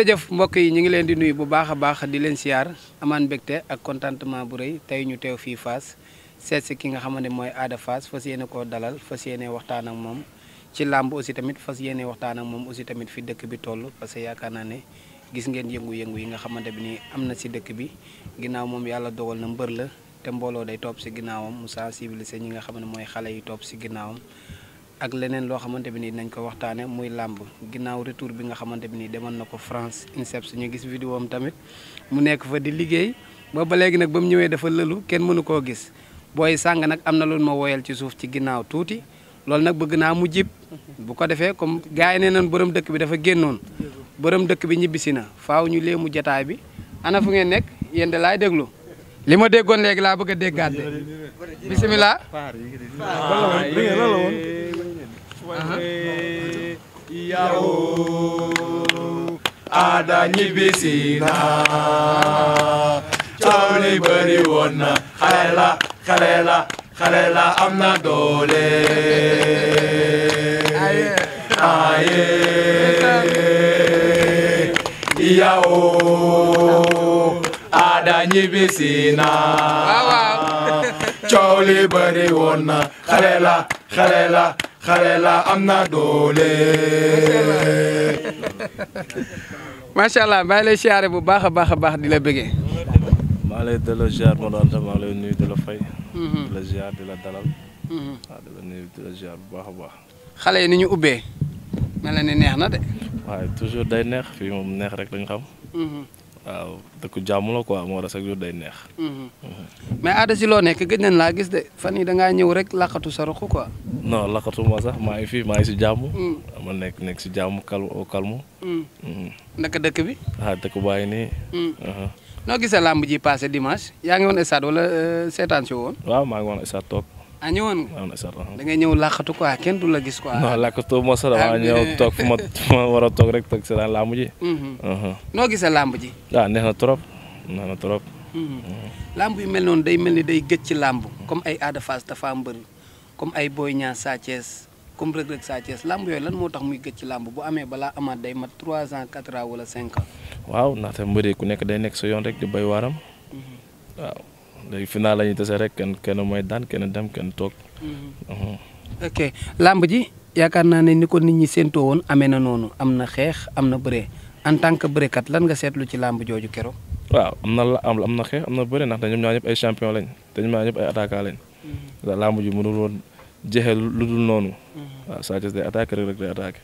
jërëjëf mbokk yi ñu ngi leen di nuyu bu baax a baax di leen siyaar amaan mbégte ak contentement bu rëy tey ñu teew fii Fass seet si ki nga xamante ne mooy Ada Fass fas yéene koo dalal fas yéene waxtaan ak moom ci làmb aussi tamit fas yéene waxtaan ak moom aussi tamit fi dëkk bi toll parce que yaakaar naa ne gis ngeen yëngu-yëngu yi nga xamante bi ni am na si dëkk bi ginnaaw moom yàlla dogal na mbër la te mbooloo day topp si ginnaawam mu sensibiliser ñi nga xam ne mooy xale yi topp si ginnaawam ak leneen loo xamante bi nii nañ ko waxtaane muy làmb ginnaaw retour bi nga xamante bi nii demoon na ko France INSEPS ñu gis vidéo am tamit mu nekk fa di liggéey ba ba léegi nag ba mu ñëwee dafa lëlu kenn mënu koo gis booy sàng nag am na loolu ma woyal ci suuf ci ginnaaw tuuti loolu nag bëgg naa mu jib bu ko defee comme gars yi nee nañ borom dëkk bi dafa génnoon borom dëkk bi ñibbisi na faw ñu léemu jataay bi ana fu ngeen nekk yéen de laay déglu li ma déggoon léegi laa bëgg a déggaat de bisimilah. wẹ́rẹ́ ìyàwó adanyibisi náà cawli bëri woon na xale la am na doole aye ìyàwó adanyibisi náà cawli bëri woon na xale la xale la. xale la am na doole. macha allah maa la lay siyaare bu baax a baax a baax di la bëggee. maa lay delloo ziar ma doon tam maa lay nuyu di la fay. Mhm. di la di la dalal. Mhm. waaw di la nuyu di bu baax a baax. xale yi ni ñu ubbee. mel na ni neex na de. waaye toujours day neex fii moom neex rek lañ xam. Mhm. waaw dëkk jàmm la quoi moo a chaque jour day neex. Mhm. mais aada si loo nekk gëj nañ laa gis de fan yi dangay ñëw rek laqatu sa roq quoi. non laqatu ma sax maa ngi fi maa ngi si jàmm. Mm. ma nekk nekk si jàmm calme au calme. Mm. Mhm. dëkk bi. ah dëkk baa ngi nii. Mm. Uh-huh. noo gisee làmb ji passé dimanche yaa ngi woon stade wala euh, seetaan si woon. waaw maa ngi woon stade toog. ah ñëwoon nga. da ngay ñëw làqatu quoi kenn du la gis quoi. non làqatu ma sax damaa ñëw toog fu ma war a toog rek toog si làmb ji. Mhm. Mhm. noo gisee làmb ji. waaw ah, neex na trop neex na trop. Mhm. làmb yu mel ni noonu day mel ni day gëj ci làmb comme ay Ada Fass Tapha Mbeur comme ay Boy Niang Sa Thiès comme Reug Reug Sa Thiès làmb yooyu lan moo tax muy gëj ci làmb bu amee balaa amaat day mat 3 ans 4 ans wala 5 waaw ndaxte mbër ku nekk day nekk sa yoon rek di béy léegi final la ñuy tase rek kenn kenn mooy daan kenn dem kenn toog. Mm-hmm. ok làmb ji yaakaar naa ne ni ko nit ñi séentoo woon amee na noonu am na xeex am na bëree en tant que bërekat lan nga seetlu ci làmb jooju keroog. waaw am na la am na xeex am na bëre ndax ñoom ñaar ñëpp ay champion lañ te ñoom ñaar ñëpp ay attaquant lañ. Mm-hmm. ndax làmb ji mënul woon jeexee lu dul noonu. Mm-hmm. waaw Sa Thiès day attaqué Reug Reug day attaqué.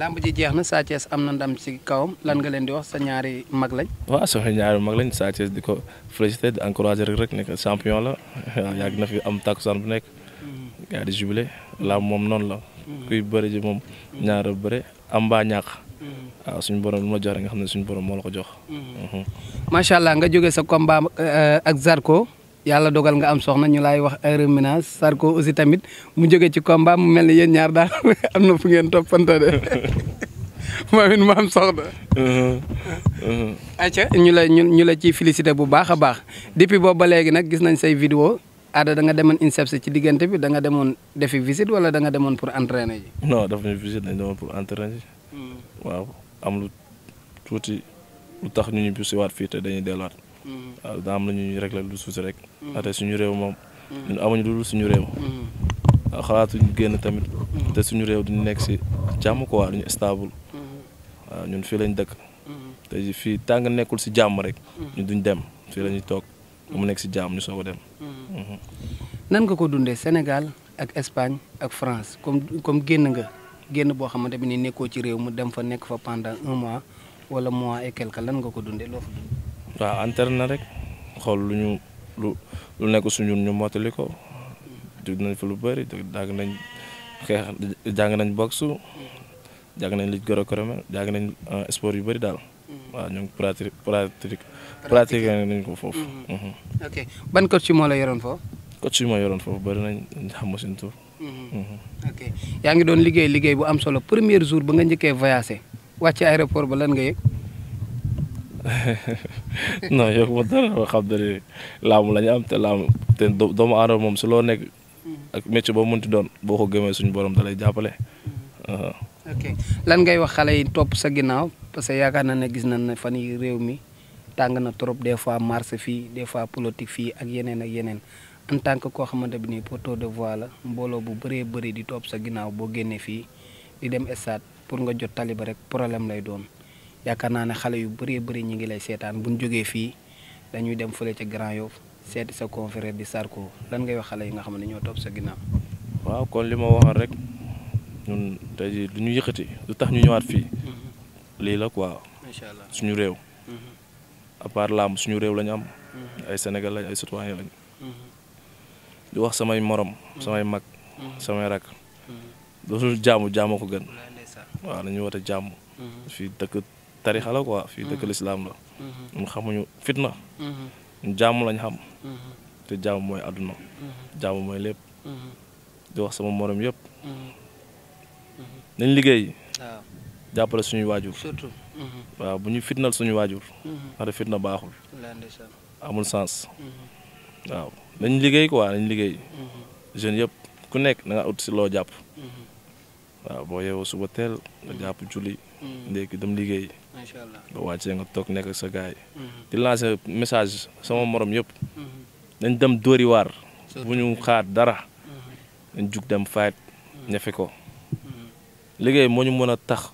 lamb ji jeex na Sa Thiès am na ndam ci kawam lan nga leen di wax sa ñaari mag lañ. waaw sa ñaari mag lañ Sa di ko féliciter di encourager rek nekk champion la yàgg na fi am takkusaan bu nekk. gaa mm-hmm. di jubilé lamb moom noonu la. Mm-hmm. kuy bëri ji moom mm-hmm. ñaara bëre am baa ñàkk. waaw suñu borom lu ma jox rek nga xam ne suñ borom moo la ko jox. macha allah nga jógee sa combat euh, ak Zarko. yàlla dogal nga am soxna ñu laay wax heure ménage Zarko aussi tamit mu jóge ci combat mu mel ni yéen ñaar daal am na fu ngeen toppante de moom it mu am soxna. Uh-huh. acca ñu la ñu ñu la ciy félicité bu baax a baax depuis boobu ba léegi nag gis nañ say vidéo aada da nga demoon INSEPS ci diggante bi da nga demoon defi visit wala danga demoon pour entraîner ji. non daf ñu visite dañ demoon pour entraîner hmm. waaw am lu tuuti lu tax ñu ñibbisiwaat dañuy delluwaat. waaw daa am la ñuy régler lu suus rek mm-hmm. ate suñu réew moom mm-hmm. ñun amuñu lu dul suñu réew mm-hmm. waaw xalaatuñu génn tamit te suñu réew duñu nekk si jàmm ko waa duñu stable waaw ñun fii lañ dëkk te tàng nekkul si jàmm rek ñu duñ dem fi la ñuy toog mu nekk si jàmm ñu soog a dem nan nga ko dundee Sénégal ak Espagne ak France comme comme génn nga génn boo xamante bi ni nekkoo ci réew mu dem fa nekk fa pendant un mois wala mois et quelque lan nga ko dundee loo fa dund waaw anterne rek xol lu ñu lu nekk suñu ñu mottali ko dugg nañ fa lu bëri nañ xeex jàng nañ boxe jàng nañ lutte gréco-romaine jàng nañ euh, sport yu bëri daal. Mm-hmm. waaw ñu ngi pratique pratique pratiqué nañ ko foofu. Mm-hmm. Mm-hmm. ok ban coach moo la yoroon foofu. coach moo yoroon foofu bëri nañ xam nga seen tur. ok ngi doon liggéey liggéey bu am solo première jour ba nga njëkkee voyagé wàcc aéroport ba lan nga yëg. non yokku ma dara loo xam ne laamu la ñu am te laamu te doomu aadama moom si loo nekk. Hmm. ak métier boo ti doon boo ko gëmee suñu borom da lay jàppale. Hmm. ok lan ngay wax xale yi topp sa ginnaaw parce que yaakaar na ne gis nañ ne fan yi réew mi tàng na trop des fois marché fii des fois politique fii ak yeneen ak yeneen en tant que koo xamante bi nii porteur de voix la mbooloo bu bëree bëri di topp sa ginnaaw boo génnee fii di dem stade pour nga jot taliba rek problème lay doon. yaakaar naa ne xale yu bëree bëri ñu ngi lay seetaan bu ñu jógee fii dañuy dem fële ca Grand Yoff seeti sa confrère di sarko lan ngay wax xale yi nga xam ne ñoo topp sa ginnaaw. waaw kon li ma waxoon rek ñun tey jii du ñu yëkkati lu tax ñu ñëwaat fii. Mm-hmm. lii la quoi. macha allah suñu réew. Mm-hmm. à part suñu réew la ñu am. Mm-hmm. ay wax samay morom. samay mag. samay rak. dootul jaamu jaamu ko gën. waaw nañu woote jàmm fii dëkk tarixa la quoi fii dëkk mm-hmm. lislaam la mm-hmm. ñu xamuñu fitna mm-hmm. ñu jàmm lañ xam te jàmm mooy àdduna jàmm mooy lépp di wax sama moroom yëpp dañ liggéey jàppale suñuy waajur surtout waaw bu ñuy fitnal suñu waajur ndax fitna baaxul amul sens waaw nañ liggéey quoi nañ liggéey jeunes yëpp ku nekk da ut si loo jàpp waaw boo yeewoo suba teel nga mm-hmm. jàpp julli. Mm-hmm. ndékki dem liggéey. macha allah ba wàccee nga toog nekk ak sa gaay mm-hmm. di lancer message sama morom yëpp. dañ dem dóori waar. ñu xaar dara. dañ jug dem fayet ñafe ko. liggéey moo ñu mën a tax.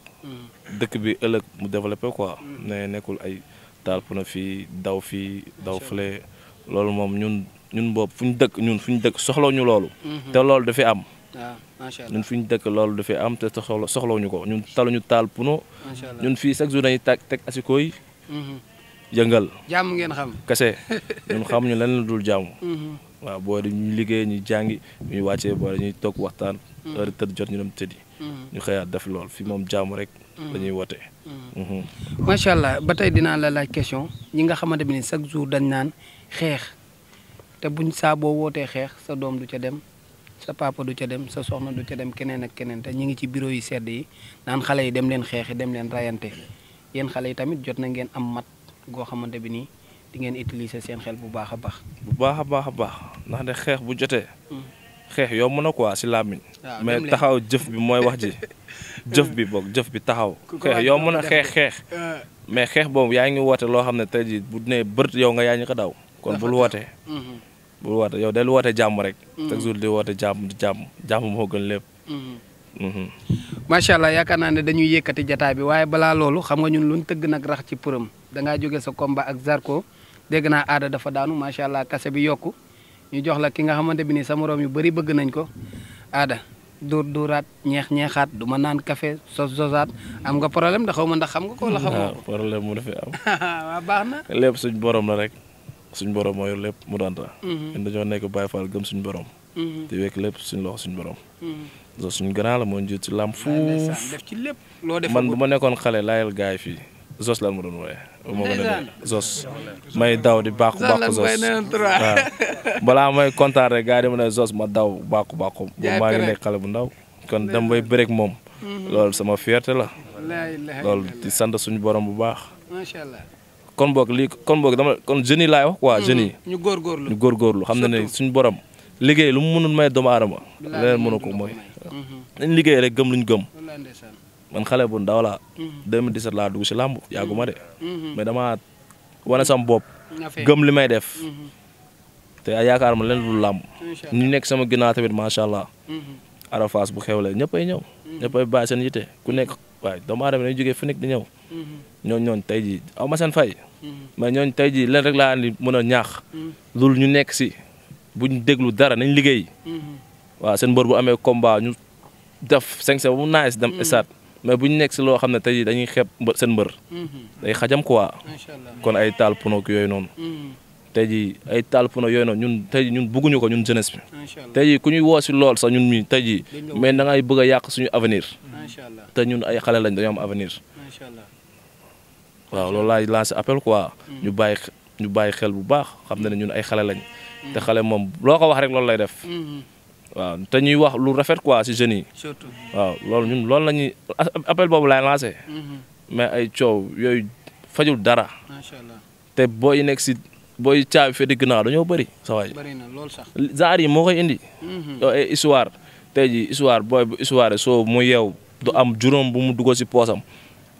dëkk bi ëllëg mu développé quoi. ne nekkul ay taal na fii daw fii daw fële loolu moom ñun ñun boobu fu ñu dëkk ñun fu ñu dëkk soxla ñu loolu. te loolu dafay am. waaw macha allah fi ñu dëkk loolu dafay am te soxla soxlawuñu ko ñun ñu taal puno. macha allah ñun fii chaque jour dañuy tag teg asiko yi. Mhm. yëngal. jàmm ngeen xam. kese ñun xamuñu lan la dul jàmm. Mhm. waaw boo di liggéey ñu jàngi ñu wàccee boo dañuy toog waxtaan. Mhm. heure tëdd jot ñu dem tëddi. ñu xëyaat def lool fi moom jàmm rek. dañuy wote. macha allah ba tey dinaa la laaj question ñi nga xamante ni chaque jour dañ naan xeex te buñ saa boo wootee xeex sa doom du ca dem. sa papa du ca dem sa soxna du ca dem keneen ak keneen te ñu ngi ci bureau yi sedd yi naan xale yi dem leen xeexi dem leen rayante yéen xale yi tamit jot na ngeen am mat goo xamante bi nii di ngeen utiliser seen xel bu baax a baax. bu baax a baax a baax ndax de xeex bu jotee. Mm. xeex yomb na quoi si làmmiñ mais taxaw jëf bi mooy wax ji jëf bi boog jëf bi taxaw. xeex mën a xeex xeex. Ah. mais xeex boobu yaa ngi woote loo xam ne te jii bu nee bët yow nga yaa daw. bu woote yow del woote jàmm rek. Mm. chaque jour di woote jàmm di jàmm jàmm moo gën lépp. Mm-hmm. Mm-hmm. macha allah yaakaar naa ne dañuy yëkkati jataay bi waaye balaa loolu xam nga ñun luñ tëgg nag rax ci përëm da ngaa jóge sa komba ak Zarko dégg naa aada dafa daanu macha allah kase bi yokk ñu jox la ki nga xamante bi ni sa moroom yu bëri bëgg nañ ko aada dóor dóoraat ñeex ñeexaat duma naan café sos sosaat am nga problème da ma ndax xam nga ko la xamoo ah, problème mu suñ borom moo yor lépp mu danta mhm. ñun dañoo nekk Baye Fall gëm suñ borom mhm. di wekk lépp suñ loxo suñ borom mhm. so suñ grand la moo njiit ci làmb fuuf ci lépp loo def man bu ma nekkoon xale laayal gaay fii zos lan ma doon wooye moo gën a daw di bàqu bàqu zos balaa may kontaan rek gars yi dama ne zos ma daw bàqu bàqu bu maa ngi nekk xale bu ndaw kon dem bay bëreeg moom loolu sama fierté la loolu di sant suñu borom bu baax macha allah kon boog lii kon boog dama kon jeunes yi laay wax quoi hmm. jeunes yi. ñu góorgóorlu ñu góorgóorlu xam na ne suñu borom. liggéey lu mu mënul may doomu aadama. leneen mënu ko mooy. dañ hmm. liggéey rek gëm luñ gëm. man xale bu ndaw laa. 2017 hmm. laa dugg si làmb yàgguma de. mais dama wane sama bopp. gëm li may def. te yaakaar ma leen lu làmb. ñu nekk sama ginnaaw tamit macha allah. Arafaas bu xewlee ñëppay ñëw. ñëppay bàyyi seen yite ku nekk waaye doomu aadama dañuy jógee fu nekk di ñëw. ñooñ mm-hmm. ñooñ tey jii aw ma seen fay. Mm-hmm. mais ñooñ tey jii leen rek laa andi mën a ñaax. Mm-hmm. loolu ñu nekk si buñ déglu dara nañ liggéey. waaw seen mbër bu amee combat ñu def cinq cent ba mu naaj dem stade mais bu ñu nekk si loo xam ne tey dañuy xeeb seen mbër. day xajam quoi. kon ay taal pono yooyu noonu. tey jii ay taal pono yooyu noonu ñun tey jii ñun bëgguñu ko ñun jeunesse bi tey ku ñuy woo si lool sax ñun mi tey ji mais da ay bëgg a yàq suñu avenir te ñun ay xale lañ dañoo am avenir waaw loolu laay lancé appel quoi hmm. ñu bàyyi ñu bàyyi xel bu baax xam na ne ñun ay xale lañ hmm. te xale moom loo ko wax rek loolu lay def hmm, waaw te ñuy wax lu rafet quoi si jeunes yi surtout waaw loolu ñun loolu la ñuy appel boobu laay lancé mais ay coow yooyu fajul dara te boo yi nekk si booy caabi féete ginnaaw dañoo bëri sa waay. bëri na lool sax. genre yi moo koy indi. Mhm. yow ay eh, histoire tey jii histoire booy bu histoire soo mu yeew du am juróom bu mu duggoo si poosam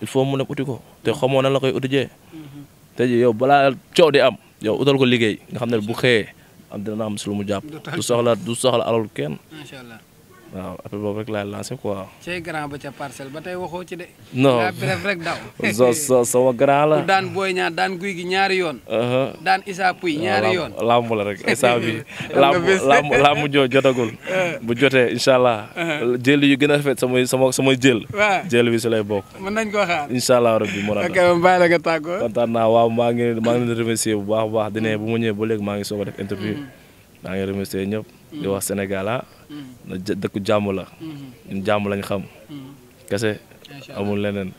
il faut mu ne uti ko te mhm. xamoo na la koy uti jee. Mhm. tey jii yow balaa coow di am yow utal ko liggéey nga xam ne bu xëyee am dina am si lu mu jàpp. du soxla du soxla alal kenn. macha allah. waaw appel boobu rek laay lancé quoi. cee grand ba ca parcelle ba tey waxoo ci de. non daa bref rek daw. so sama grand la. daan booy ñaar daan guy gi ñaari yoon. Uh-huh. daan Issa Pouye ah, ñaari yoon. lamb la rek Issa bi lamb lamb lamb joo jotagul. Uh-huh. bu jotee incha allah. Uh-huh. jël yu gën a rafet samay sama samay jël. jël bi si lay bokk. mën nañ ko xaar incha allah rabbi mu rafet. ok man bàyyi la nga tàggoo. kontaan naa waaw maa ngi maa ngi leen di remercier bu baax a baax di ne bu ma ñëwee ba léegi maa ngi soog def interview. Mm-hmm. maa ngi remercier ñëpp. Mm-hmm. di wax Sénégal ah. Mm-hmm. dëkku jàmm la. Mm-hmm. ñun jàmm lañ xam. kese amul leneen.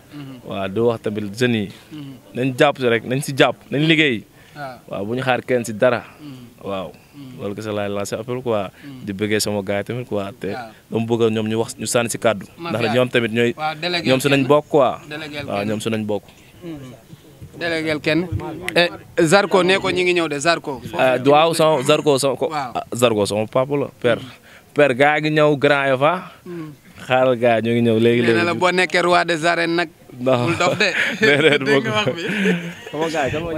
waaw di wax tamit jeunes yi. nañ jàpp si rek nañ si jàpp nañ liggéey. waaw bu ñu xaar kenn si dara. waaw loolu kese laay lancé appel quoi. di bëggee sama gaa yi tamit quoi te. dama bëgg ñoom ñu wax ñu sànni si kàddu. ndax ñoom tamit ñooy. ñoom su nañ bokk quoi. waaw ñoom su nañ bokk. délégué kenn eh, Zarko ñu ngi ñëw de Zarko. Eh, waaw sama Zarko sama ko ah, Zarko sama papa la père. père gaa ngi ñëw grand yo fa. xaaral gaa ñu ngi ñëw léegi léegi. nee na boo nekkee roi des de. dégg nga wax bi.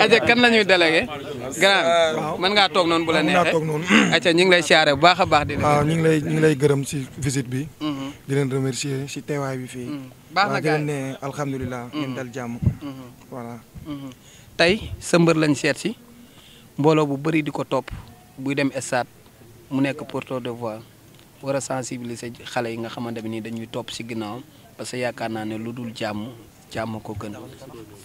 aja kan la ñuy délégué. grand mën ngaa toog noonu bu la neexee toog ngi lay siyaare bu baax a baax. la ñu ngi lay ñu ngi lay gërëm si visite bi. Mm-hmm. di leen remercier si teewaay bi fii. Mm-hmm. baax alhamdulilah. ngeen mm-hmm. tey sa mbër lañ seet si mbooloo bu bëri di ko topp buy dem stade mu nekk porteur de voix wara a sensibiliser xale yi nga xamante ne ni dañuy topp si ginnaawam parce que yaakaar naa ne lu dul jàmm jàmm ko gën a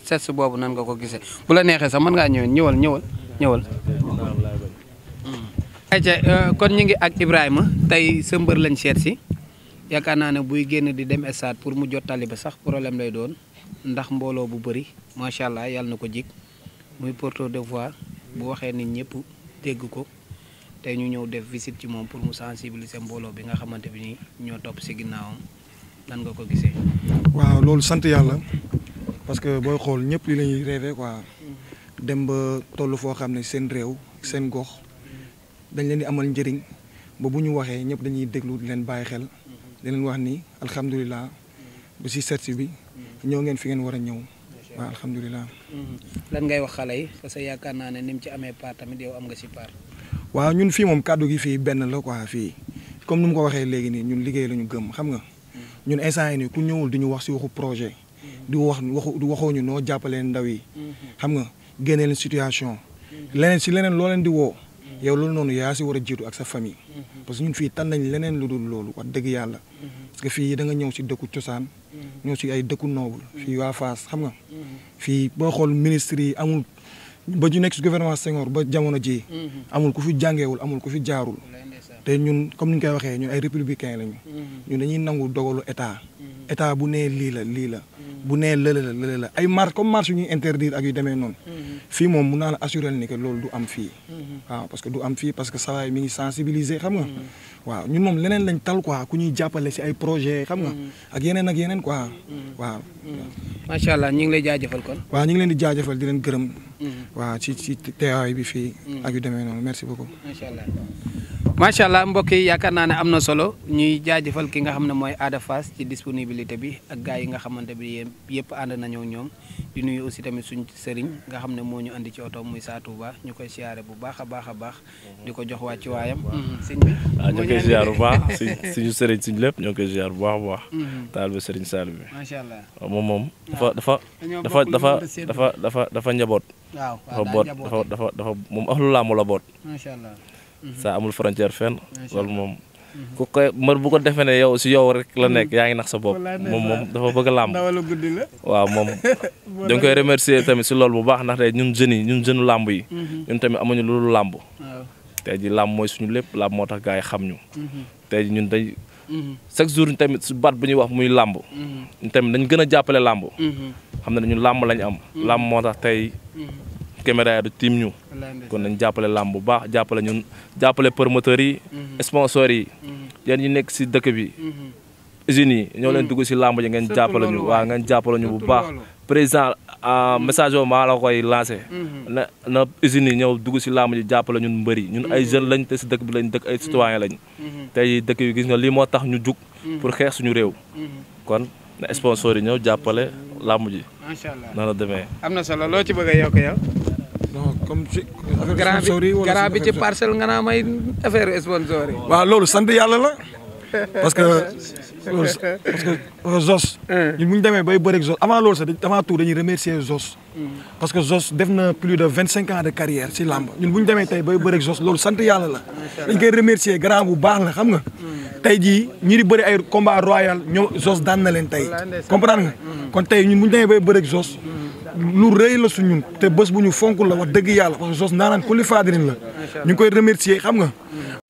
seet boobu nan nga ko gisee bu la neexee sax mën ngaa ñëw ñëwal ñëwal ñëwal. Hmm. ayca euh, kon ñu ngi ak Ibrahima tey sa mbër lañ seet si yaakaar naa ne buy génn di dem stade pour mu jot tali ba sax problème lay doon ndax mbooloo bu bëri macha allah yàlla na ko jig muy porteur de voix bu waxee nit ñëpp dégg ko tey ñu ñëw def visite ci moom pour mu sensibiliser mbooloo bi nga xamante bi nii ñoo topp si ginnaawam nan nga ko gisee. waaw loolu sant yàlla parce que booy xool ñëpp li lañuy rêvé quoi dem ba toll foo xam ne seen réew seen gox dañ leen di amal njëriñ ba bu ñu waxee ñëpp dañuy déglu di leen bàyyi xel di wax ni alhamdulilah ba si set bi. ñëw ngeen fi ngeen war a ñëw. waaw alhamdulilah. Mhm. lan ngay wax xale yi parce que yaakaar naa ne ni mu ci amee part tamit yow am nga si part. waaw ñun fii moom kàddu gi fii benn la quoi fii comme ni mu ko waxee léegi nii ñun liggéey la ñu gëm xam nga. Mhm. ñun instant yi nii ku ñëwul di ñu wax si waxu projet. Mhm. di wax waxu di waxoo ñu noo jàppaleen ndaw yi. xam nga génne leen situation. leneen si leneen loo leen di woo. yow loolu noonu yaa si war a jiitu ak sa famille. Mhm. parce que ñun fii tànn nañ leneen lu dul loolu wax dëgg yàlla. Mhm. parce que fii da nga ñëw si dëkku cosaan. Mhm. ñëw si ay dëkku noble. fii waa Fass xam nga. fii boo xool ministre yi amul ba ñu nekk si gouvernement Senghor ba jamono ji amul ku fi jàngewul amul ku fi jaarul. te ñun comme ni ñu koy waxee ñun ay républicain lañu. Mm-hmm. ñun dañuy nangu dogalu état. Mm-hmm. état bu nee lii la lii la. Mm-hmm. bu nee lële la lële la ay marche comme marche yu ñuy interdire ak yu demee noonu. fii moom mun naa la assurer ni que loolu du am fii. waaw parce que du am fii parce que saa waay mi ngi sensibiliser xam nga. waaw ñun moom leneen lañ tal quoi ku ñuy jàppale si ay projet xam nga. ak yeneen ak yeneen quoi. waaw. macha allah ñu ngi lay jaajëfal kon. waaw ñu ngi leen di jaajëfal di leen gërëm. waaw ci ci teewaay bi fii. ak yu demee noonu merci beaucoup. macha allah. macha allah mbokk yi naa ne am na solo ñuy jaajëfal ki nga xam ne mooy Ada ci disponibilité bi ak gars yi nga xamante bi yëpp ànd nañoo ñoom di nuyu aussi tamit suñ sëriñ nga xam ne moo ñu indi ci oto muy Sa Touba ñu koy siyaare bu baax a baax a baax di ko jox wàcc waayam mm-hmm. sëñ ah, ñoo koy siyaar bu baax suñu sëriñ suñ lépp ñoo koy siyaar bu baax bu baax mm-hmm. taal ba sëriñ Saliou bi macha allah waaw moom moom dafa dafa dafa dafa dafa dafa dafa njaboot dafa boot dafa dafa dafa moom axlu laamu la boot macha allah sa amul frontière fenn loolu moom mhm. ku koy mbër bu ko defee ne yow si yow rek la mhm. nekk yaa ngi nax sa bopp moom moom dafa bëgg a làmb waaw moom dañ koy remercier tamit si lool bu baax ndax tey ñun jeunes yi ñun jeune làmb yi mhm. ñun tamit amuñu loolu làmb tey ji làmb mooy suñu lépp làmb moo tax gars yi xam ñu tey ñun day chaque jour ñu tamit su baat bu ñuy wax muy làmb ñu tamit dañ gën a jàppale làmb xam ne dañu làmb lañ am làmb moo tax tey caméra yi du tiim ñu. kon nañ jàppale làmb bu baax jàppale ñun jàppale promoteurs yi. Mhm. sponsors yi. Mhm. yéen ñi nekk si dëkk bi. Mhm. usines yi ñoo leen dugg si làmb ji ngeen jàppale ñu waaw ngeen jàppale ñu bu baax président ah, message boobu maa la koy na na usines yi ñëw dugg si làmb ji jàppale ñun mbër yi ñun ay jeunes lañ te si dëkk bi lañ dëkk ay citoyen lañ. tey dëkk yi gis nga lii moo tax ñu jug. pour xeex suñu réew. kon na sponsor yi ñëw jàppale làmb ji. macha la demee. a comme ci grand bi ci parcelle nga naa may affaire sponsor yi. waaw loolu sant yàlla la parce que parce que nu mu demee bay bëreeg Zos avant loolu sax avant tout dañuy remercier Zos. parce que Zos def na plus de vingt cinq ans de carrière si làmb ñun bu ñu demee tey bay bëreeg Zos loolu sant yàlla la. dañ koy remercier grand bu baax la xam nga. Hmm. tey jii ñi di bëri ay combat royal ñoom daan na leen tey. comprendre nga hmm. kon tey ñun bu ñu demee bay bëreeg Zos. Hmm. lu rëy la su ñun te bés bu ñu fonk la wax dëgg yàlla parce que sos naanaan ku li la ñu ngi koy remercier xam nga